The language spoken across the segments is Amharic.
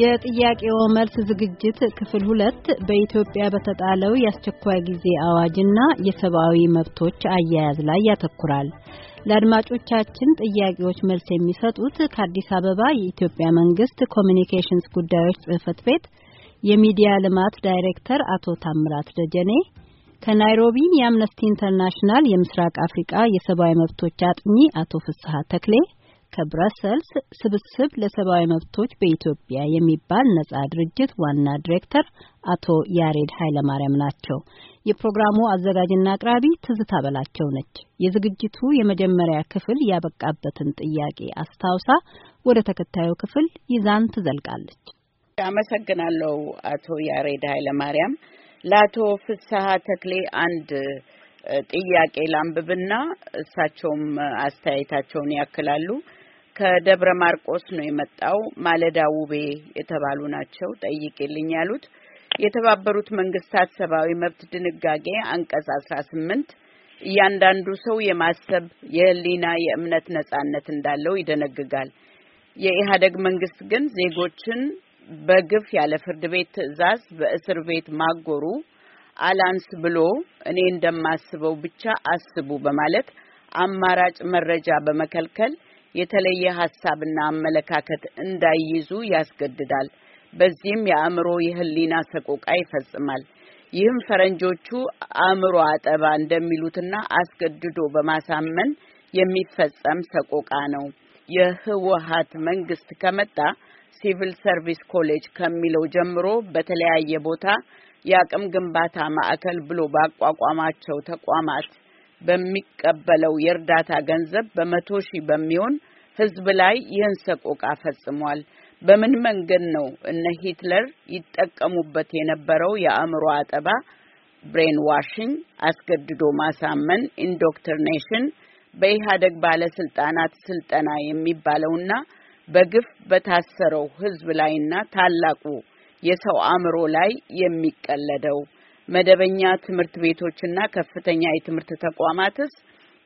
የጥያቄው መልስ ዝግጅት ክፍል ሁለት በኢትዮጵያ በተጣለው የአስቸኳይ ጊዜ አዋጅና የሰብአዊ መብቶች አያያዝ ላይ ያተኩራል። ለአድማጮቻችን ጥያቄዎች መልስ የሚሰጡት ከአዲስ አበባ የኢትዮጵያ መንግስት ኮሚኒኬሽንስ ጉዳዮች ጽህፈት ቤት የሚዲያ ልማት ዳይሬክተር አቶ ታምራት ደጀኔ ከናይሮቢ የአምነስቲ ኢንተርናሽናል የምስራቅ አፍሪቃ የሰብአዊ መብቶች አጥኚ አቶ ፍስሀ ተክሌ ከብረሰልስ ስብስብ ለሰብአዊ መብቶች በኢትዮጵያ የሚባል ነጻ ድርጅት ዋና ዲሬክተር አቶ ያሬድ ኃይለማርያም ናቸው። የፕሮግራሙ አዘጋጅና አቅራቢ ትዝታ በላቸው ነች። የዝግጅቱ የመጀመሪያ ክፍል ያበቃበትን ጥያቄ አስታውሳ ወደ ተከታዩ ክፍል ይዛን ትዘልቃለች። አመሰግናለሁ አቶ ያሬድ ኃይለማርያም። ለአቶ ፍስሐ ተክሌ አንድ ጥያቄ ላንብብና እሳቸውም አስተያየታቸውን ያክላሉ። ከደብረ ማርቆስ ነው የመጣው ማለዳ ውቤ የተባሉ ናቸው። ጠይቅልኝ ያሉት የተባበሩት መንግስታት ሰብአዊ መብት ድንጋጌ አንቀጽ አስራ ስምንት እያንዳንዱ ሰው የማሰብ የህሊና፣ የእምነት ነጻነት እንዳለው ይደነግጋል። የኢህአደግ መንግስት ግን ዜጎችን በግፍ ያለ ፍርድ ቤት ትዕዛዝ በእስር ቤት ማጎሩ አላንስ ብሎ እኔ እንደማስበው ብቻ አስቡ በማለት አማራጭ መረጃ በመከልከል የተለየ ሀሳብና አመለካከት እንዳይይዙ ያስገድዳል። በዚህም የአእምሮ የህሊና ሰቆቃ ይፈጽማል። ይህም ፈረንጆቹ አእምሮ አጠባ እንደሚሉትና አስገድዶ በማሳመን የሚፈጸም ሰቆቃ ነው። የህወሀት መንግስት ከመጣ ሲቪል ሰርቪስ ኮሌጅ ከሚለው ጀምሮ በተለያየ ቦታ የአቅም ግንባታ ማዕከል ብሎ ባቋቋማቸው ተቋማት በሚቀበለው የእርዳታ ገንዘብ በመቶ ሺህ በሚሆን ህዝብ ላይ ይህን ሰቆቃ ፈጽሟል። በምን መንገድ ነው እነ ሂትለር ይጠቀሙበት የነበረው የአእምሮ አጠባ፣ ብሬን ዋሽንግ፣ አስገድዶ ማሳመን፣ ኢንዶክትሪኔሽን በኢህአደግ ባለስልጣናት ስልጠና የሚባለውና በግፍ በታሰረው ህዝብ ላይና ታላቁ የሰው አእምሮ ላይ የሚቀለደው መደበኛ ትምህርት ቤቶችና ከፍተኛ የትምህርት ተቋማትስ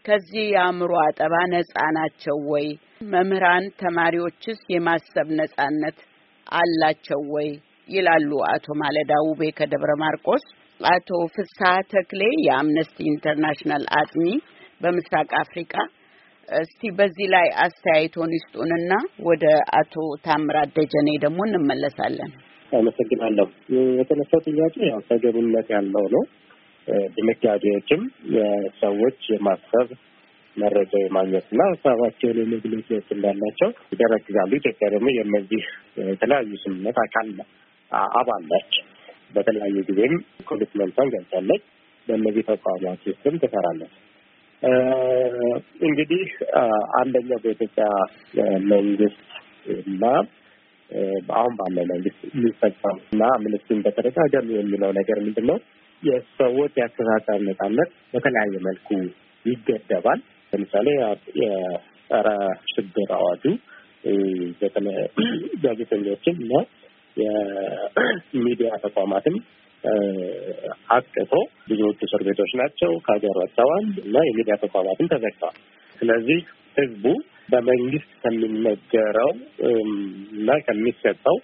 ከዚህ የአእምሮ አጠባ ነጻ ናቸው ወይ? መምህራን ተማሪዎችስ የማሰብ ነጻነት አላቸው ወይ? ይላሉ አቶ ማለዳ ውቤ ከደብረ ማርቆስ። አቶ ፍስሐ ተክሌ የአምነስቲ ኢንተርናሽናል አጥኚ በምስራቅ አፍሪካ እስቲ በዚህ ላይ አስተያየቶን ይስጡንና ወደ አቶ ታምራት ደጀኔ ደግሞ እንመለሳለን። አመሰግናለሁ። የተነሳው ጥያቄ ያው ተገቢነት ያለው ነው። ድንጋጌዎችም የሰዎች የማሰብ መረጃ የማግኘት እና ሀሳባቸውን የመግለጽ እንዳላቸው ይደነግጋሉ። ኢትዮጵያ ደግሞ የእነዚህ የተለያዩ ስምምነት አካል አባላች ነች። በተለያዩ ጊዜም ኮሚትመንቷን ገልጻለች። በእነዚህ ተቋማት ውስጥም ትሰራለች። እንግዲህ አንደኛው በኢትዮጵያ መንግስት እና አሁን ባለው መንግስት የሚፈጸም እና ምንስም በተደጋጋሚ የሚለው ነገር ምንድን ነው? የሰዎች የአስተሳሰብ ነጻነት በተለያየ መልኩ ይገደባል። ለምሳሌ የጸረ ሽብር አዋጁ ጋዜጠኞችን እና የሚዲያ ተቋማትም አቅቶ ብዙዎቹ እስር ቤቶች ናቸው፣ ከሀገር ወጥተዋል እና የሚዲያ ተቋማትን ተዘግተዋል። ስለዚህ ህዝቡ በመንግስት ከሚነገረው እና ከሚሰጠው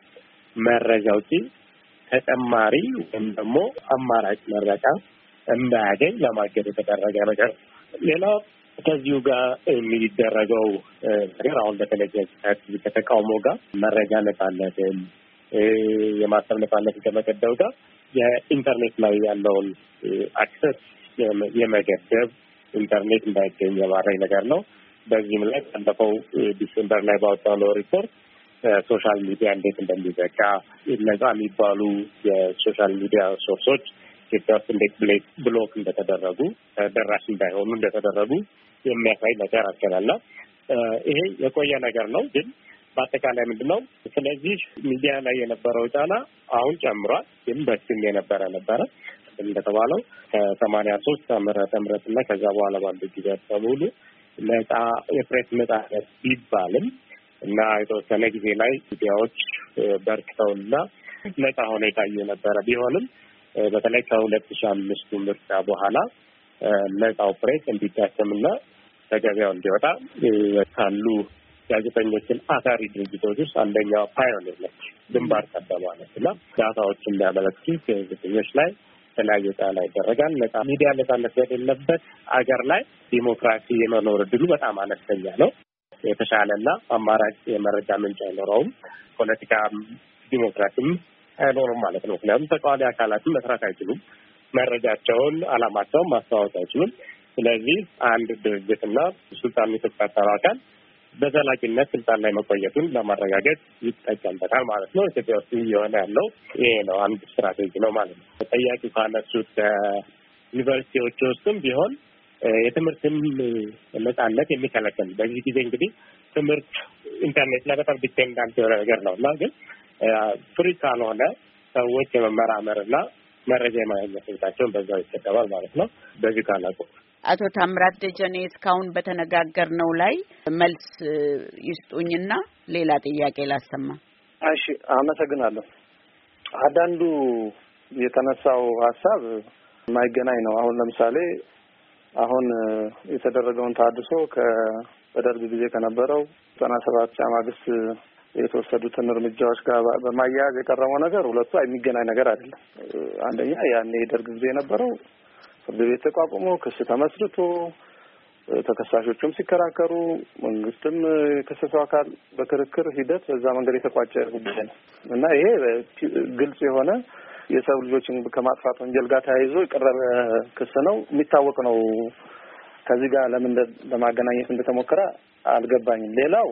መረጃ ውጪ ተጨማሪ ወይም ደግሞ አማራጭ መረጃ እንዳያገኝ ለማገድ የተደረገ ነገር። ሌላ ከዚሁ ጋር የሚደረገው ነገር አሁን በተለይ ከተቃውሞ ጋር መረጃ ነፃነትን የማሰብ ነፃነትን ከመገደው ጋር የኢንተርኔት ላይ ያለውን አክሰስ የመገደብ ኢንተርኔት እንዳይገኝ የማድረግ ነገር ነው። በዚህም ላይ ባለፈው ዲሴምበር ላይ ባወጣነው ሪፖርት ሶሻል ሚዲያ እንዴት እንደሚዘጋ ነጻ የሚባሉ የሶሻል ሚዲያ ሶርሶች ኢትዮጵያ ውስጥ እንዴት ብሌክ ብሎክ እንደተደረጉ ደራሽ እንዳይሆኑ እንደተደረጉ የሚያሳይ ነገር አገላላ። ይሄ የቆየ ነገር ነው ግን በአጠቃላይ ምንድን ነው። ስለዚህ ሚዲያ ላይ የነበረው ጫና አሁን ጨምሯል፣ ግን በፊትም የነበረ ነበረ እንደተባለው ከሰማንያ ሶስት ዓመተ ምረት እና ከዛ በኋላ ባሉ ጊዜ በሙሉ ነጻ የፕሬስ ነጻነት ቢባልም እና የተወሰነ ጊዜ ላይ ሚዲያዎች በርክተውና ነጻ ሆነው የታየ ነበረ ቢሆንም በተለይ ከሁለት ሺ አምስቱ ምርጫ በኋላ ነጻው ፕሬስ እንዲዳከምና ከገበያው እንዲወጣ ካሉ ጋዜጠኞችን አታሪ ድርጅቶች ውስጥ አንደኛው ፓዮኒር ነች፣ ግንባር ቀደማ ነች እና ዳታዎችን የሚያመለክቱ ጋዜጠኞች ላይ የተለያየ ጫና ይደረጋል። ነጻ ሚዲያ ነጻነት በሌለበት አገር ላይ ዲሞክራሲ የመኖር እድሉ በጣም አነስተኛ ነው። የተሻለና አማራጭ የመረጃ ምንጭ አይኖረውም። ፖለቲካ ዲሞክራሲም አይኖሩም ማለት ነው። ምክንያቱም ተቃዋሚ አካላትም መስራት አይችሉም። መረጃቸውን፣ አላማቸውን ማስተዋወቅ አይችሉም። ስለዚህ አንድ ድርጅትና ስልጣን የተቆጣጠረው አካል በዘላቂነት ስልጣን ላይ መቆየቱን ለማረጋገጥ ይጠቀምበታል ማለት ነው። ኢትዮጵያ ውስጥ እየሆነ ያለው ይሄ ነው። አንድ ስትራቴጂ ነው ማለት ነው። ተጠያቂ ካነሱት ዩኒቨርሲቲዎች ውስጥም ቢሆን የትምህርትም ነጻነት የሚከለክል በዚህ ጊዜ እንግዲህ ትምህርት ኢንተርኔት ላይ በጣም ዲፔንዳንት የሆነ ነገር ነው እና ግን ፍሪ ካልሆነ ሰዎች የመመራመር እና መረጃ የማግኘት ስልጣቸውን በዛው ይጠቀማል ማለት ነው። በዚህ ካላቆ አቶ ታምራት ደጀኔ እስካሁን በተነጋገርነው ላይ መልስ ይስጡኝና ሌላ ጥያቄ ላሰማ። እሺ፣ አመሰግናለሁ። አንዳንዱ የተነሳው ሀሳብ የማይገናኝ ነው። አሁን ለምሳሌ አሁን የተደረገውን ታድሶ በደርግ ጊዜ ከነበረው ዘጠና ሰባት ማግስት የተወሰዱትን እርምጃዎች ጋር በማያያዝ የቀረበው ነገር ሁለቱ የሚገናኝ ነገር አይደለም። አንደኛ ያኔ የደርግ ጊዜ የነበረው ፍርድ ቤት ተቋቁሞ ክስ ተመስርቶ ተከሳሾቹም ሲከራከሩ መንግስትም የከሰሰው አካል በክርክር ሂደት በዛ መንገድ የተቋጨ ጉዳይ ነው እና ይሄ ግልጽ የሆነ የሰው ልጆችን ከማጥፋት ወንጀል ጋር ተያይዞ የቀረበ ክስ ነው፣ የሚታወቅ ነው። ከዚህ ጋር ለምን ለማገናኘት እንደተሞከረ አልገባኝም። ሌላው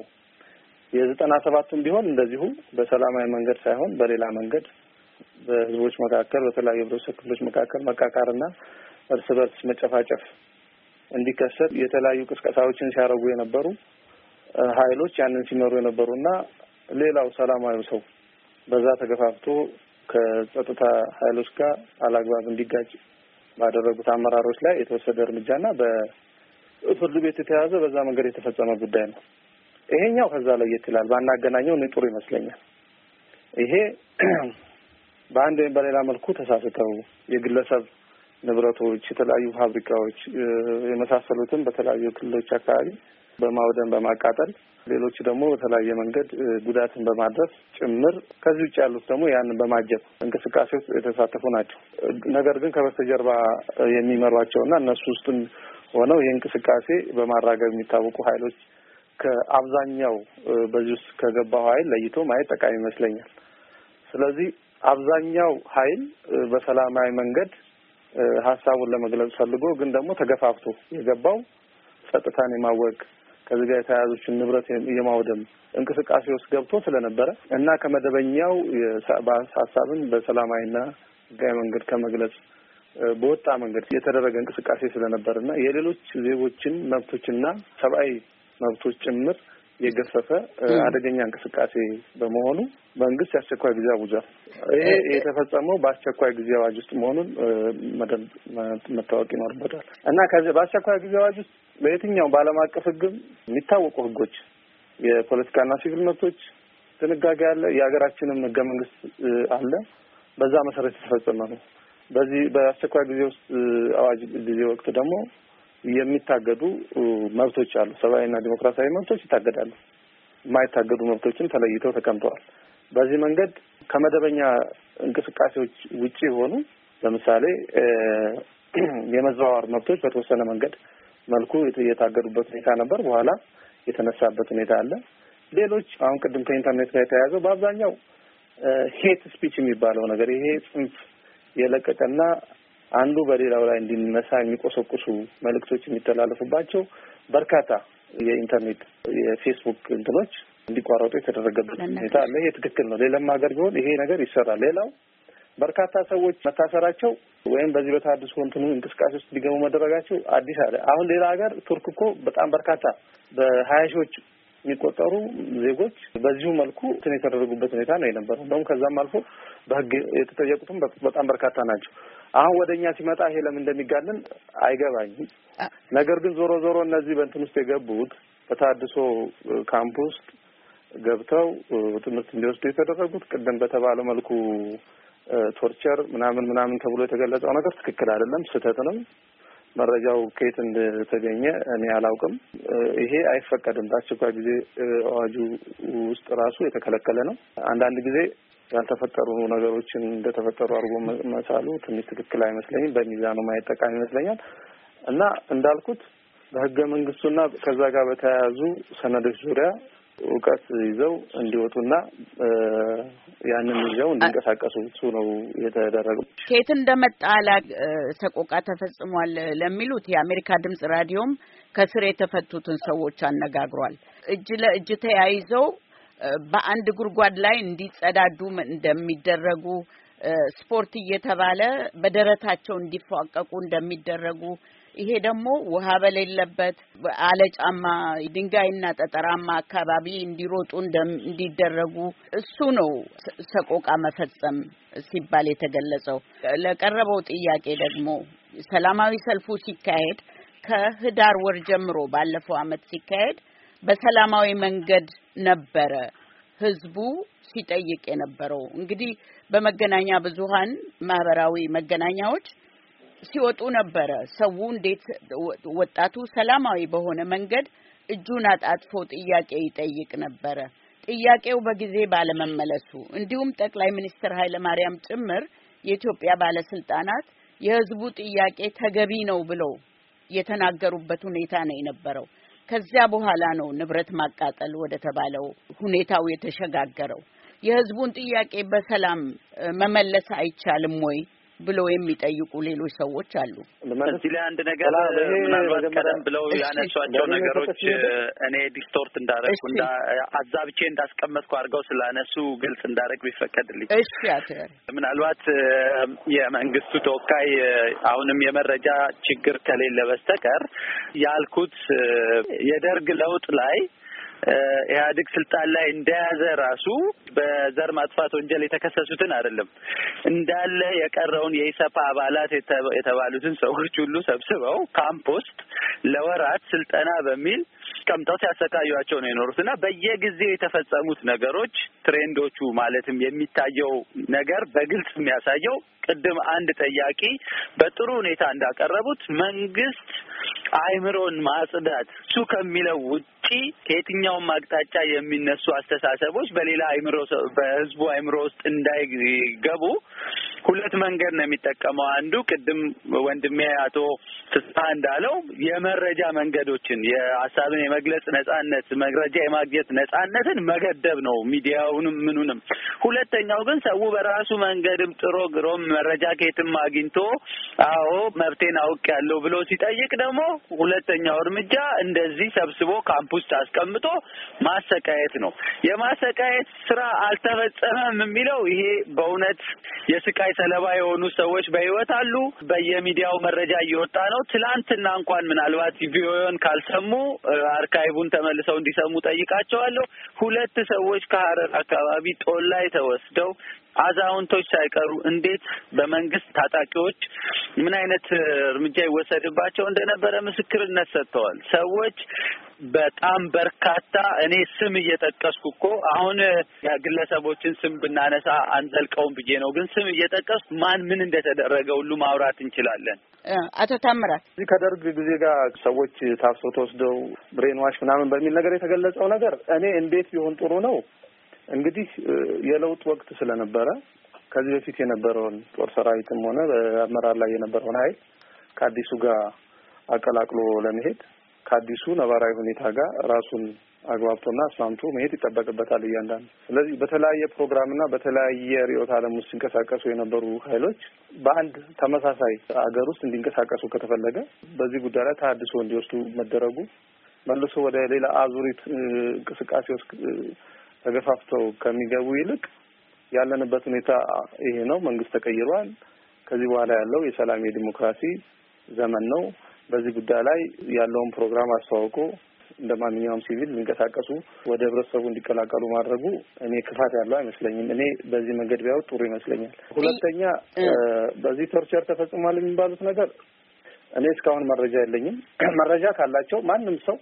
የዘጠና ሰባቱም ቢሆን እንደዚሁ በሰላማዊ መንገድ ሳይሆን በሌላ መንገድ በህዝቦች መካከል በተለያዩ ህብረተሰብ ክፍሎች መካከል መቃቃርና እርስ በርስ መጨፋጨፍ እንዲከሰት የተለያዩ ቅስቀሳዎችን ሲያደርጉ የነበሩ ሀይሎች ያንን ሲመሩ የነበሩ እና ሌላው ሰላማዊ ሰው በዛ ተገፋፍቶ ከጸጥታ ሀይሎች ጋር አላግባብ እንዲጋጭ ባደረጉት አመራሮች ላይ የተወሰደ እርምጃና በፍርድ ቤት የተያዘ በዛ መንገድ የተፈጸመ ጉዳይ ነው። ይሄኛው ከዛ ለየት ይላል። ባናገናኘው እኔ ጥሩ ይመስለኛል። ይሄ በአንድ ወይም በሌላ መልኩ ተሳስተው የግለሰብ ንብረቶች፣ የተለያዩ ፋብሪካዎች የመሳሰሉትን በተለያዩ ክልሎች አካባቢ በማውደም በማቃጠል ሌሎች ደግሞ በተለያየ መንገድ ጉዳትን በማድረስ ጭምር ከዚህ ውጭ ያሉት ደግሞ ያንን በማጀብ እንቅስቃሴ ውስጥ የተሳተፉ ናቸው። ነገር ግን ከበስተጀርባ የሚመሯቸውና እነሱ ውስጥም ሆነው ይህ እንቅስቃሴ በማራገብ የሚታወቁ ኃይሎች ከአብዛኛው በዚህ ውስጥ ከገባው ኃይል ለይቶ ማየት ጠቃሚ ይመስለኛል። ስለዚህ አብዛኛው ኃይል በሰላማዊ መንገድ ሀሳቡን ለመግለጽ ፈልጎ ግን ደግሞ ተገፋፍቶ የገባው ጸጥታን የማወቅ ከዚህ ጋር የተያያዙችን ንብረት የማውደም እንቅስቃሴ ውስጥ ገብቶ ስለነበረ እና ከመደበኛው ሀሳብን በሰላማዊና ህጋዊ መንገድ ከመግለጽ በወጣ መንገድ የተደረገ እንቅስቃሴ ስለነበር እና የሌሎች ዜጎችን መብቶችና ሰብአዊ መብቶች ጭምር የገፈፈ አደገኛ እንቅስቃሴ በመሆኑ መንግስት የአስቸኳይ ጊዜ አውጇል። ይሄ የተፈጸመው በአስቸኳይ ጊዜ አዋጅ ውስጥ መሆኑን መደብ መታወቅ ይኖርበታል እና ከዚህ በአስቸኳይ ጊዜ አዋጅ ውስጥ በየትኛው በዓለም አቀፍ ህግም የሚታወቁ ህጎች የፖለቲካና ሲቪል መብቶች ድንጋጌ አለ። የሀገራችንም ህገ መንግስት አለ። በዛ መሰረት የተፈጸመ ነው። በዚህ በአስቸኳይ ጊዜ ውስጥ አዋጅ ጊዜ ወቅት ደግሞ የሚታገዱ መብቶች አሉ። ሰብአዊና ዲሞክራሲያዊ መብቶች ይታገዳሉ። የማይታገዱ መብቶችም ተለይተው ተቀምጠዋል። በዚህ መንገድ ከመደበኛ እንቅስቃሴዎች ውጪ የሆኑ ለምሳሌ የመዘዋወር መብቶች በተወሰነ መንገድ መልኩ የታገዱበት ሁኔታ ነበር። በኋላ የተነሳበት ሁኔታ አለ። ሌሎች አሁን ቅድም ከኢንተርኔት ጋር የተያያዘው በአብዛኛው ሄት ስፒች የሚባለው ነገር ይሄ ጽንፍ የለቀቀና አንዱ በሌላው ላይ እንዲነሳ የሚቆሰቁሱ መልእክቶች የሚተላለፉባቸው በርካታ የኢንተርኔት የፌስቡክ እንትኖች እንዲቋረጡ የተደረገበት ሁኔታ አለ። ይሄ ትክክል ነው። ሌላም ሀገር ቢሆን ይሄ ነገር ይሰራል። ሌላው በርካታ ሰዎች መታሰራቸው ወይም በዚህ በተሀድሶ እንትኑ እንቅስቃሴ ውስጥ እንዲገቡ መደረጋቸው አዲስ አለ። አሁን ሌላ ሀገር ቱርክ እኮ በጣም በርካታ በሀያ ሺዎች የሚቆጠሩ ዜጎች በዚሁ መልኩ እንትን የተደረጉበት ሁኔታ ነው የነበረው። እንደውም ከዛም አልፎ በህግ የተጠየቁትም በጣም በርካታ ናቸው። አሁን ወደ እኛ ሲመጣ ይሄ ለምን እንደሚጋንን አይገባኝም። ነገር ግን ዞሮ ዞሮ እነዚህ በእንትን ውስጥ የገቡት በታድሶ ካምፕ ውስጥ ገብተው ትምህርት እንዲወስዱ የተደረጉት ቅድም በተባለው መልኩ ቶርቸር ምናምን ምናምን ተብሎ የተገለጸው ነገር ትክክል አይደለም፣ ስህተት ነው። መረጃው ከየት እንደተገኘ እኔ አላውቅም። ይሄ አይፈቀድም። በአስቸኳይ ጊዜ አዋጁ ውስጥ ራሱ የተከለከለ ነው። አንዳንድ ጊዜ ያልተፈጠሩ ነገሮችን እንደተፈጠሩ አድርጎ መሳሉ ትንሽ ትክክል አይመስለኝም። በሚዛኑ ማየት ጠቃሚ ይመስለኛል እና እንዳልኩት በህገ መንግስቱና ከዛ ጋር በተያያዙ ሰነዶች ዙሪያ እውቀት ይዘው እንዲወጡና ያንን ይዘው እንዲንቀሳቀሱ ነው የተደረገው። ከየት እንደመጣ ሰቆቃ ተፈጽሟል ለሚሉት የአሜሪካ ድምጽ ራዲዮም ከስር የተፈቱትን ሰዎች አነጋግሯል። እጅ ለእጅ ተያይዘው በአንድ ጉድጓድ ላይ እንዲጸዳዱ እንደሚደረጉ ስፖርት እየተባለ በደረታቸው እንዲፏቀቁ እንደሚደረጉ ይሄ ደግሞ ውሃ በሌለበት አለጫማ ድንጋይና ጠጠራማ አካባቢ እንዲሮጡ እንዲደረጉ እሱ ነው ሰቆቃ መፈጸም ሲባል የተገለጸው። ለቀረበው ጥያቄ ደግሞ ሰላማዊ ሰልፉ ሲካሄድ ከህዳር ወር ጀምሮ ባለፈው ዓመት ሲካሄድ በሰላማዊ መንገድ ነበረ ህዝቡ ሲጠይቅ የነበረው። እንግዲህ በመገናኛ ብዙሃን ማህበራዊ መገናኛዎች ሲወጡ ነበረ ሰው እንዴት ወጣቱ ሰላማዊ በሆነ መንገድ እጁን አጣጥፎ ጥያቄ ይጠይቅ ነበረ። ጥያቄው በጊዜ ባለመመለሱ እንዲሁም ጠቅላይ ሚኒስትር ኃይለ ማርያም ጭምር የኢትዮጵያ ባለስልጣናት የህዝቡ ጥያቄ ተገቢ ነው ብለው የተናገሩበት ሁኔታ ነው የነበረው። ከዚያ በኋላ ነው ንብረት ማቃጠል ወደ ተባለው ሁኔታው የተሸጋገረው። የህዝቡን ጥያቄ በሰላም መመለስ አይቻልም ወይ? ብሎ የሚጠይቁ ሌሎች ሰዎች አሉ። እዚህ ላይ አንድ ነገር ምናልባት ቀደም ብለው ያነሷቸው ነገሮች እኔ ዲስቶርት እንዳረግኩ አዛብቼ እንዳስቀመጥኩ አድርገው ስላነሱ ግልጽ እንዳደረግ ቢፈቀድልኝ። እሺ፣ ምናልባት የመንግስቱ ተወካይ አሁንም የመረጃ ችግር ከሌለ በስተቀር ያልኩት የደርግ ለውጥ ላይ ኢህአዴግ ስልጣን ላይ እንደያዘ ራሱ በዘር ማጥፋት ወንጀል የተከሰሱትን አይደለም እንዳለ የቀረውን የኢሰፓ አባላት የተባሉትን ሰዎች ሁሉ ሰብስበው ካምፕ ውስጥ ለወራት ስልጠና በሚል አስቀምጠው ሲያሰቃዩቸው ነው የኖሩት እና በየጊዜው የተፈጸሙት ነገሮች ትሬንዶቹ ማለትም የሚታየው ነገር በግልጽ የሚያሳየው ቅድም አንድ ጠያቂ በጥሩ ሁኔታ እንዳቀረቡት መንግስት አይምሮን ማጽዳት እሱ ከሚለው ውጪ ከየትኛውም አቅጣጫ የሚነሱ አስተሳሰቦች በሌላ አይምሮ በህዝቡ አይምሮ ውስጥ እንዳይገቡ ሁለት መንገድ ነው የሚጠቀመው። አንዱ ቅድም ወንድሜ አቶ ፍስሀ እንዳለው የመረጃ መንገዶችን የሀሳብን የመግለጽ ነጻነት፣ መረጃ የማግኘት ነጻነትን መገደብ ነው ሚዲያውንም ምኑንም። ሁለተኛው ግን ሰው በራሱ መንገድም ጥሮ ግሮም መረጃ ከየትም አግኝቶ አዎ መብቴን አውቅ ያለው ብሎ ሲጠይቅ ደግሞ ሁለተኛው እርምጃ እንደዚህ ሰብስቦ ካምፕ ውስጥ አስቀምጦ ማሰቃየት ነው። የማሰቃየት ስራ አልተፈጸመም የሚለው ይሄ በእውነት የስቃይ ሰለባ የሆኑ ሰዎች በህይወት አሉ። በየሚዲያው መረጃ እየወጣ ነው። ትላንትና እንኳን ምናልባት ቪኦኤን ካልሰሙ አርካይቡን ተመልሰው እንዲሰሙ ጠይቃቸዋለሁ። ሁለት ሰዎች ከሀረር አካባቢ ጦላይ ተወስደው አዛውንቶች ሳይቀሩ እንዴት በመንግስት ታጣቂዎች ምን አይነት እርምጃ ይወሰድባቸው እንደነበረ ምስክርነት ሰጥተዋል። ሰዎች በጣም በርካታ እኔ ስም እየጠቀስኩ እኮ አሁን ግለሰቦችን ስም ብናነሳ አንዘልቀውም ብዬ ነው፣ ግን ስም እየጠቀስኩ ማን ምን እንደተደረገ ሁሉ ማውራት እንችላለን። አቶ ታምራት እዚህ ከደርግ ጊዜ ጋር ሰዎች ታፍሶ ተወስደው ብሬንዋሽ ምናምን በሚል ነገር የተገለጸው ነገር እኔ እንዴት ቢሆን ጥሩ ነው እንግዲህ የለውጥ ወቅት ስለነበረ ከዚህ በፊት የነበረውን ጦር ሰራዊትም ሆነ በአመራር ላይ የነበረውን ኃይል ከአዲሱ ጋር አቀላቅሎ ለመሄድ ከአዲሱ ነባራዊ ሁኔታ ጋር ራሱን አግባብቶና አስማምቶ መሄድ ይጠበቅበታል እያንዳንዱ። ስለዚህ በተለያየ ፕሮግራምና በተለያየ ርዕዮተ ዓለም ውስጥ ሲንቀሳቀሱ የነበሩ ኃይሎች በአንድ ተመሳሳይ አገር ውስጥ እንዲንቀሳቀሱ ከተፈለገ በዚህ ጉዳይ ላይ ተሀድሶ እንዲወስዱ መደረጉ መልሶ ወደ ሌላ አዙሪት እንቅስቃሴ ውስጥ ተገፋፍተው ከሚገቡ ይልቅ ያለንበት ሁኔታ ይሄ ነው፣ መንግስት ተቀይሯል፣ ከዚህ በኋላ ያለው የሰላም የዲሞክራሲ ዘመን ነው። በዚህ ጉዳይ ላይ ያለውን ፕሮግራም አስተዋውቆ እንደ ማንኛውም ሲቪል ሊንቀሳቀሱ ወደ ህብረተሰቡ እንዲቀላቀሉ ማድረጉ እኔ ክፋት ያለው አይመስለኝም። እኔ በዚህ መንገድ ቢያዩት ጥሩ ይመስለኛል። ሁለተኛ በዚህ ቶርቸር ተፈጽሟል የሚባሉት ነገር እኔ እስካሁን መረጃ የለኝም። መረጃ ካላቸው ማንም ሰው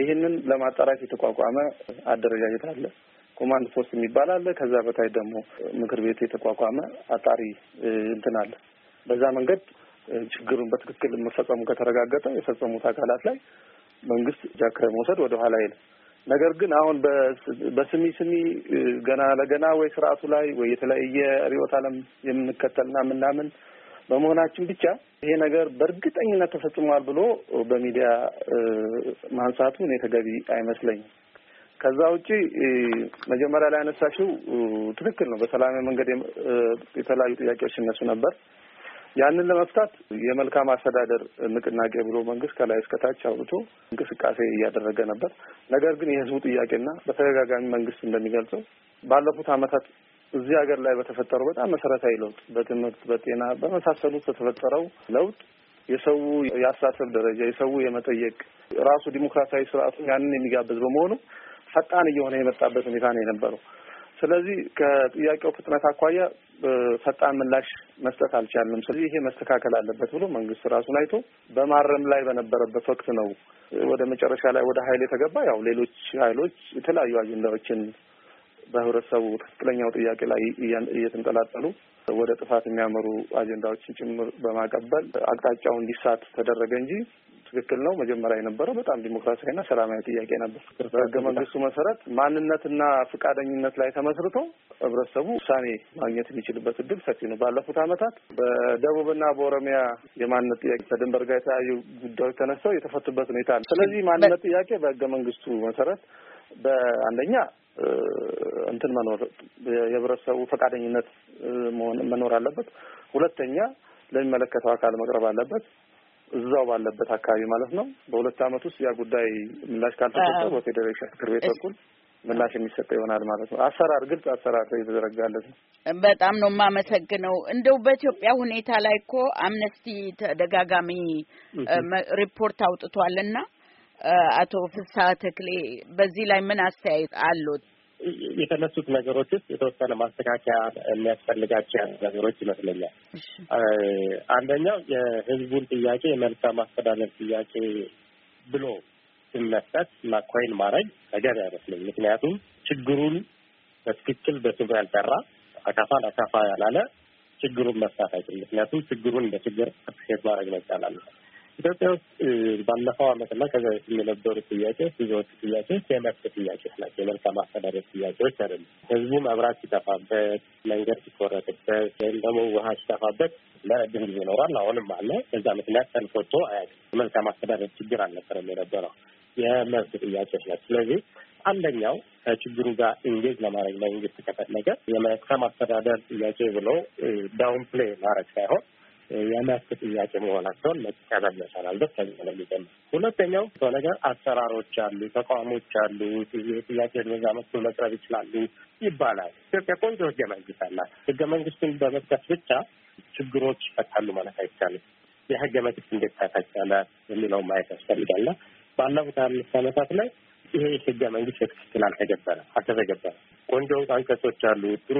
ይህንን ለማጣራት የተቋቋመ አደረጃጀት አለ። ኮማንድ ፖስት የሚባል አለ። ከዛ በታይ ደግሞ ምክር ቤቱ የተቋቋመ አጣሪ እንትን አለ። በዛ መንገድ ችግሩን በትክክል መፈጸሙ ከተረጋገጠ የፈጸሙት አካላት ላይ መንግስት እርምጃ ከመውሰድ ወደ ኋላ አይልም። ነገር ግን አሁን በስሚ ስሚ ገና ለገና ወይ ስርዓቱ ላይ ወይ የተለያየ ርዕዮተ ዓለም የምንከተልና ምናምን በመሆናችን ብቻ ይሄ ነገር በእርግጠኝነት ተፈጽሟል ብሎ በሚዲያ ማንሳቱ እኔ ተገቢ አይመስለኝም። ከዛ ውጪ መጀመሪያ ላይ ያነሳሽው ትክክል ነው። በሰላማዊ መንገድ የተለያዩ ጥያቄዎች እነሱ ነበር። ያንን ለመፍታት የመልካም አስተዳደር ንቅናቄ ብሎ መንግስት ከላይ እስከታች አውጥቶ እንቅስቃሴ እያደረገ ነበር። ነገር ግን የህዝቡ ጥያቄና በተደጋጋሚ መንግስት እንደሚገልጸው ባለፉት አመታት እዚህ ሀገር ላይ በተፈጠሩ በጣም መሰረታዊ ለውጥ በትምህርት፣ በጤና፣ በመሳሰሉት በተፈጠረው ለውጥ የሰው የአስተሳሰብ ደረጃ የሰው የመጠየቅ ራሱ ዲሞክራሲያዊ ስርዓቱ ያንን የሚጋብዝ በመሆኑ ፈጣን እየሆነ የመጣበት ሁኔታ ነው የነበረው። ስለዚህ ከጥያቄው ፍጥነት አኳያ ፈጣን ምላሽ መስጠት አልቻለም። ስለዚህ ይሄ መስተካከል አለበት ብሎ መንግስት ራሱን አይቶ በማረም ላይ በነበረበት ወቅት ነው ወደ መጨረሻ ላይ ወደ ሀይል የተገባ። ያው ሌሎች ሀይሎች የተለያዩ አጀንዳዎችን በህብረተሰቡ ትክክለኛው ጥያቄ ላይ እየተንጠላጠሉ ወደ ጥፋት የሚያመሩ አጀንዳዎችን ጭምር በማቀበል አቅጣጫው እንዲሳት ተደረገ እንጂ ትክክል ነው። መጀመሪያ የነበረው በጣም ዲሞክራሲያዊና ሰላማዊ ጥያቄ ነበር። በህገ መንግስቱ መሰረት ማንነትና ፈቃደኝነት ላይ ተመስርቶ ህብረተሰቡ ውሳኔ ማግኘት የሚችልበት እድል ሰፊ ነው። ባለፉት በደቡብ በደቡብና በኦሮሚያ የማንነት ጥያቄ ከድንበር ጋር የተለያዩ ጉዳዮች ተነስተው የተፈቱበት ሁኔታ ነው። ስለዚህ ማንነት ጥያቄ በህገ መንግስቱ መሰረት በአንደኛ እንትን መኖር የህብረተሰቡ ፈቃደኝነት መኖር አለበት። ሁለተኛ ለሚመለከተው አካል መቅረብ አለበት። እዛው ባለበት አካባቢ ማለት ነው። በሁለት ዓመት ውስጥ ያ ጉዳይ ምላሽ ካልተሰጠ በፌዴሬሽን ምክር ቤት በኩል ምላሽ የሚሰጠ ይሆናል ማለት ነው። አሰራር ግልጽ አሰራር የተዘረጋለት ነው። በጣም ነው የማመሰግነው። እንደው በኢትዮጵያ ሁኔታ ላይ እኮ አምነስቲ ተደጋጋሚ ሪፖርት አውጥቷልና አቶ ፍስሐ ተክሌ በዚህ ላይ ምን አስተያየት አሉት? የተነሱት ነገሮች ውስጥ የተወሰነ ማስተካከያ የሚያስፈልጋቸው ነገሮች ይመስለኛል። አንደኛው የህዝቡን ጥያቄ የመልካም አስተዳደር ጥያቄ ብሎ ስም መስጠት እና ኮይን ማድረግ ነገር አይመስለኝ። ምክንያቱም ችግሩን በትክክል በስሙ ያልጠራ አካፋ ለአካፋ ያላለ ችግሩን መፍታት አይችልም። ምክንያቱም ችግሩን እንደ ችግር ሴት ማድረግ ነው ይቻላል ኢትዮጵያ ውስጥ ባለፈው ዓመት እና ከዚያ በፊት የነበሩ ጥያቄዎች ብዙዎቹ ጥያቄዎች የመብት ጥያቄዎች ናቸው። የመልካም አስተዳደር ጥያቄዎች አይደሉም። ህዝቡ መብራት ሲጠፋበት፣ መንገድ ሲቆረጥበት፣ ወይም ደግሞ ውሃ ሲጠፋበት ለረድም ጊዜ ይኖራል። አሁንም አለ። በዛ ምክንያት ሰልፍ ወጥቶ አያውቅም። የመልካም አስተዳደር ችግር አልነበረም የነበረው የመብት ጥያቄዎች ናቸው። ስለዚህ አንደኛው ከችግሩ ጋር ኢንጌጅ ለማድረግ መንግስት ከፈለገ የመልካም አስተዳደር ጥያቄ ብሎ ዳውን ፕሌ ማድረግ ሳይሆን ያናስ ጥያቄ መሆናቸውን መቀበል መቻል አለበት። ከዚህ ለሚጀምር ሁለተኛው ሰው ነገር አሰራሮች አሉ፣ ተቋሞች አሉ፣ ጥያቄ በዛ መስሉ መቅረብ ይችላሉ ይባላል። ኢትዮጵያ ቆንጆ ህገ መንግስት አላት። ህገ መንግስቱን በመጥቀስ ብቻ ችግሮች ይፈታሉ ማለት አይቻልም። የህገ መንግስት እንዴት ታታቻለ የሚለው ማየት ያስፈልጋል። ባለፉት አምስት ዓመታት ላይ ይሄ ህገ መንግስት በትክክል አልተገበረ አልተተገበረ። ቆንጆ አንቀጾች አሉ፣ ጥሩ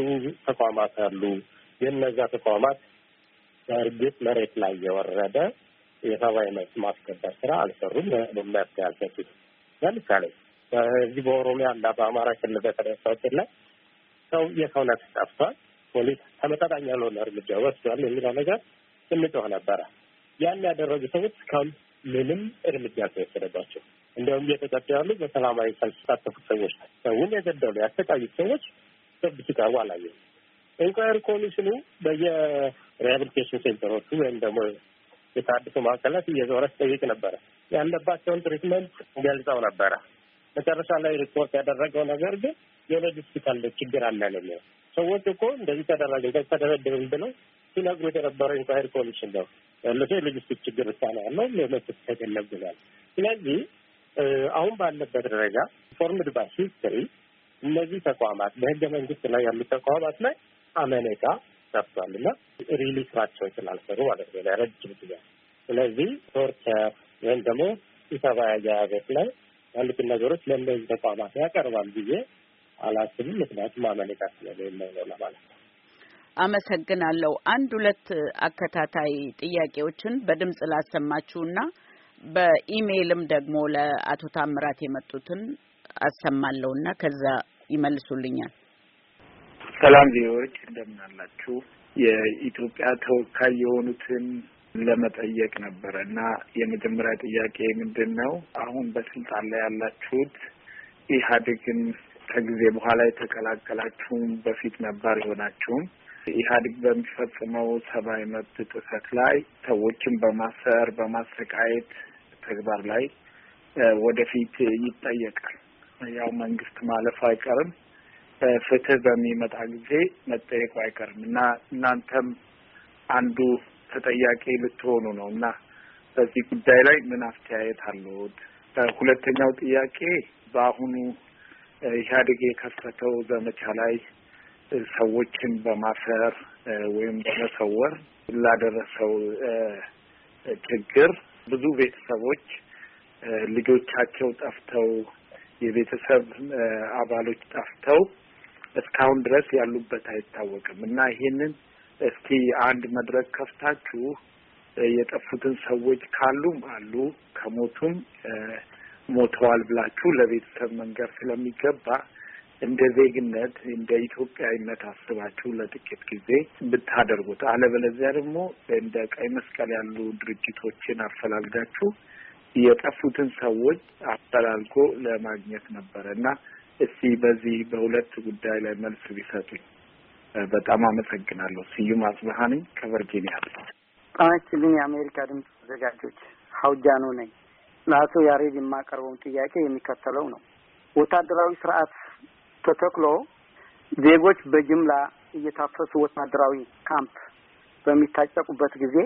ተቋማት አሉ። የእነዛ ተቋማት በእርግጥ መሬት ላይ የወረደ የሰብአዊ መብት ማስከበር ስራ አልሰሩም፣ መፍትሄ አልሰጡት። ለምሳሌ በዚህ በኦሮሚያ እና በአማራ ክልል በተነሳችን ላይ ሰው የሰው ነፍስ ጠፍቷል፣ ፖሊስ ተመጣጣኝ ያልሆነ እርምጃ ወስዷል የሚለው ነገር ስንጮህ ነበረ። ያን ያደረጉ ሰዎች እስካሁን ምንም እርምጃ አልተወሰደባቸው። እንዲያውም እየተቀጡ ያሉ በሰላማዊ ሰልፍ የተሳተፉት ሰዎች ሰውን የገደሉ ያሰቃዩት ሰዎች በብሱ ቀርቦ አላየሁም። ኢንኳሪ ኮሚሽኑ በየሪሃብሊቴሽን ሴንተሮቹ ወይም ደግሞ የታድሱ ማዕከላት እየዞረ ሲጠይቅ ነበረ። ያለባቸውን ትሪትመንት ገልጸው ነበረ። መጨረሻ ላይ ሪፖርት ያደረገው ነገር ግን የሎጂስቲካል ችግር አለን የሚለው ሰዎች እኮ እንደዚህ ተደረገ እንደዚህ ተደረደብን ብለው ሲነግሩ የተነበረው ኢንኳሪ ኮሚሽን ነው ያለሰ የሎጂስቲክ ችግር ብቻ ነው ያለው። የመፍት ተገለብናል። ስለዚህ አሁን ባለበት ደረጃ ኢንፎርምድ ባይ ሂስትሪ እነዚህ ተቋማት በህገ መንግስት ላይ ያሉት ተቋማት ላይ አመኔታ ሰብቷል እና ሪሊ ስራቸው ስላልሰሩ ማለት ነው ለረጅም ጊዜ። ስለዚህ ቶርቸር ወይም ደግሞ ኢሰብአዊ አያያዞች ላይ ያሉትን ነገሮች ለእነዚህ ተቋማት ያቀርባል ብዬ አላስብም። ምክንያቱም አመኔታ ስለሌለው ነው ለማለት ነው። አመሰግናለሁ። አንድ ሁለት አከታታይ ጥያቄዎችን በድምጽ ላሰማችሁና በኢሜይልም ደግሞ ለአቶ ታምራት የመጡትን አሰማለሁና ከዛ ይመልሱልኛል። ሰላም ዜዎች እንደምን አላችሁ? የኢትዮጵያ ተወካይ የሆኑትን ለመጠየቅ ነበረ እና የመጀመሪያ ጥያቄ ምንድን ነው? አሁን በስልጣን ላይ ያላችሁት ኢህአዴግን ከጊዜ በኋላ የተቀላቀላችሁም በፊት ነባር የሆናችሁም ኢህአዴግ በሚፈጽመው ሰብአዊ መብት ጥሰት ላይ ሰዎችን በማሰር በማሰቃየት ተግባር ላይ ወደፊት ይጠየቃል። ያው መንግስት ማለፍ አይቀርም። ፍትህ በሚመጣ ጊዜ መጠየቁ አይቀርም እና እናንተም አንዱ ተጠያቂ ልትሆኑ ነው እና በዚህ ጉዳይ ላይ ምን አስተያየት አለዎት? ሁለተኛው ጥያቄ በአሁኑ ኢህአዴግ የከፈተው ዘመቻ ላይ ሰዎችን በማሰር ወይም በመሰወር ላደረሰው ችግር ብዙ ቤተሰቦች ልጆቻቸው ጠፍተው የቤተሰብ አባሎች ጠፍተው እስካሁን ድረስ ያሉበት አይታወቅም እና ይህንን እስኪ አንድ መድረክ ከፍታችሁ የጠፉትን ሰዎች ካሉም አሉ ከሞቱም ሞተዋል ብላችሁ ለቤተሰብ መንገር ስለሚገባ እንደ ዜግነት እንደ ኢትዮጵያዊነት አስባችሁ ለጥቂት ጊዜ ብታደርጉት፣ አለበለዚያ ደግሞ እንደ ቀይ መስቀል ያሉ ድርጅቶችን አፈላልጋችሁ የጠፉትን ሰዎች አፈላልጎ ለማግኘት ነበረ እና እስቲ በዚህ በሁለት ጉዳይ ላይ መልስ ቢሰጡኝ በጣም አመሰግናለሁ። ስዩም አጽብሃ ነኝ ከቨርጂኒያ። ጣናችልኝ የአሜሪካ ድምፅ ተዘጋጆች ሀውጃኑ ነኝ። ለአቶ ያሬድ የማቀርበውን ጥያቄ የሚከተለው ነው። ወታደራዊ ስርዓት ተተክሎ ዜጎች በጅምላ እየታፈሱ ወታደራዊ ካምፕ በሚታጨቁበት ጊዜ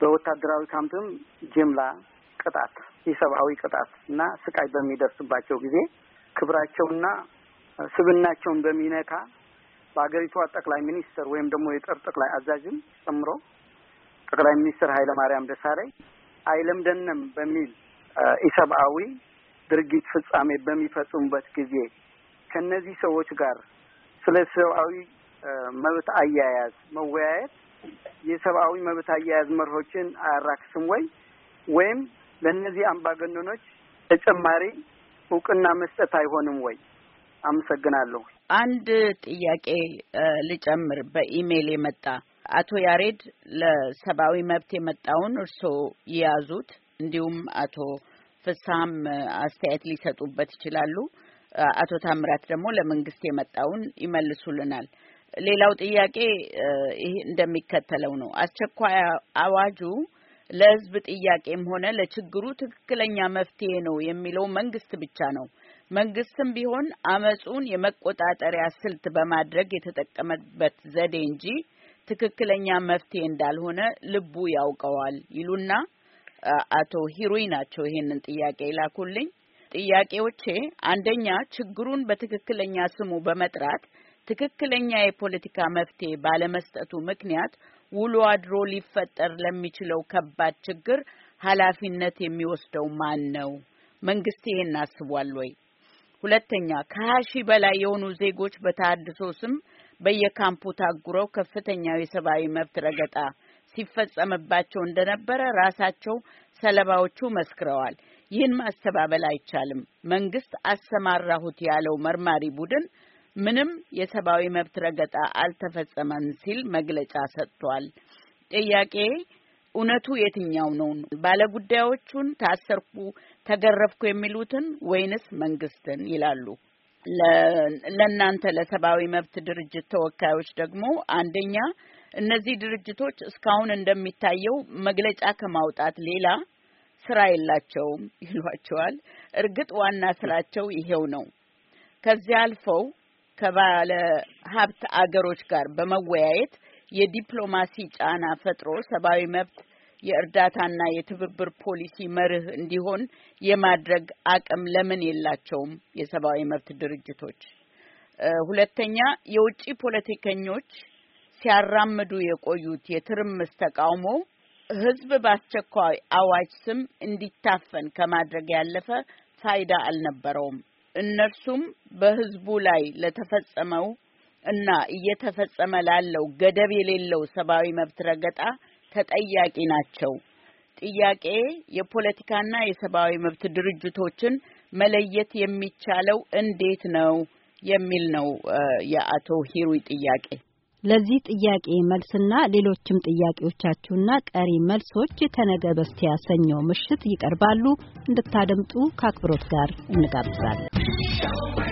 በወታደራዊ ካምፕም ጅምላ ቅጣት፣ የሰብአዊ ቅጣት እና ስቃይ በሚደርስባቸው ጊዜ ክብራቸውና ስብናቸውን በሚነካ በሀገሪቷ ጠቅላይ ሚኒስትር ወይም ደግሞ የጦር ጠቅላይ አዛዥም ጨምሮ ጠቅላይ ሚኒስትር ኃይለ ማርያም ደሳለኝ አይለምደንም በሚል ኢሰብአዊ ድርጊት ፍጻሜ በሚፈጽሙበት ጊዜ ከነዚህ ሰዎች ጋር ስለ ሰብአዊ መብት አያያዝ መወያየት የሰብአዊ መብት አያያዝ መርሆችን አያራክስም ወይ? ወይም ለእነዚህ አምባገነኖች ተጨማሪ እውቅና መስጠት አይሆንም ወይ? አመሰግናለሁ። አንድ ጥያቄ ልጨምር። በኢሜይል የመጣ አቶ ያሬድ ለሰብአዊ መብት የመጣውን እርስዎ የያዙት እንዲሁም አቶ ፍሳም አስተያየት ሊሰጡበት ይችላሉ። አቶ ታምራት ደግሞ ለመንግስት የመጣውን ይመልሱልናል። ሌላው ጥያቄ ይህ እንደሚከተለው ነው። አስቸኳይ አዋጁ ለህዝብ ጥያቄም ሆነ ለችግሩ ትክክለኛ መፍትሄ ነው የሚለው መንግስት ብቻ ነው። መንግስትም ቢሆን አመጹን የመቆጣጠሪያ ስልት በማድረግ የተጠቀመበት ዘዴ እንጂ ትክክለኛ መፍትሄ እንዳልሆነ ልቡ ያውቀዋል ይሉና አቶ ሂሩይ ናቸው ይሄንን ጥያቄ ይላኩልኝ። ጥያቄዎቼ አንደኛ ችግሩን በትክክለኛ ስሙ በመጥራት ትክክለኛ የፖለቲካ መፍትሄ ባለመስጠቱ ምክንያት ውሎ አድሮ ሊፈጠር ለሚችለው ከባድ ችግር ኃላፊነት የሚወስደው ማን ነው? መንግስት ይሄን አስቧል ወይ? ሁለተኛ ከሀያ ሺህ በላይ የሆኑ ዜጎች በተሃድሶ ስም በየካምፑ ታጉረው ከፍተኛው የሰብአዊ መብት ረገጣ ሲፈጸምባቸው እንደነበረ ራሳቸው ሰለባዎቹ መስክረዋል። ይህን ማስተባበል አይቻልም። መንግስት አሰማራሁት ያለው መርማሪ ቡድን ምንም የሰብአዊ መብት ረገጣ አልተፈጸመም ሲል መግለጫ ሰጥቷል። ጥያቄ እውነቱ የትኛው ነው? ባለጉዳዮቹን ታሰርኩ፣ ተገረፍኩ የሚሉትን ወይንስ መንግስትን ይላሉ። ለእናንተ ለሰብአዊ መብት ድርጅት ተወካዮች ደግሞ አንደኛ እነዚህ ድርጅቶች እስካሁን እንደሚታየው መግለጫ ከማውጣት ሌላ ስራ የላቸውም ይሏቸዋል። እርግጥ ዋና ስራቸው ይሄው ነው። ከዚያ አልፈው ከባለ ሀብት አገሮች ጋር በመወያየት የዲፕሎማሲ ጫና ፈጥሮ ሰብአዊ መብት የእርዳታና የትብብር ፖሊሲ መርህ እንዲሆን የማድረግ አቅም ለምን የላቸውም የሰብአዊ መብት ድርጅቶች? ሁለተኛ የውጭ ፖለቲከኞች ሲያራምዱ የቆዩት የትርምስ ተቃውሞ ህዝብ በአስቸኳይ አዋጅ ስም እንዲታፈን ከማድረግ ያለፈ ፋይዳ አልነበረውም። እነርሱም በህዝቡ ላይ ለተፈጸመው እና እየተፈጸመ ላለው ገደብ የሌለው ሰብአዊ መብት ረገጣ ተጠያቂ ናቸው። ጥያቄ የፖለቲካና የሰብአዊ መብት ድርጅቶችን መለየት የሚቻለው እንዴት ነው የሚል ነው የአቶ ሂሩይ ጥያቄ። ለዚህ ጥያቄ መልስና ሌሎችም ጥያቄዎቻችሁና ቀሪ መልሶች ተነገ በስቲያ ሰኞ ምሽት ይቀርባሉ። እንድታደምጡ ከአክብሮት ጋር እንጋብዛለን። Show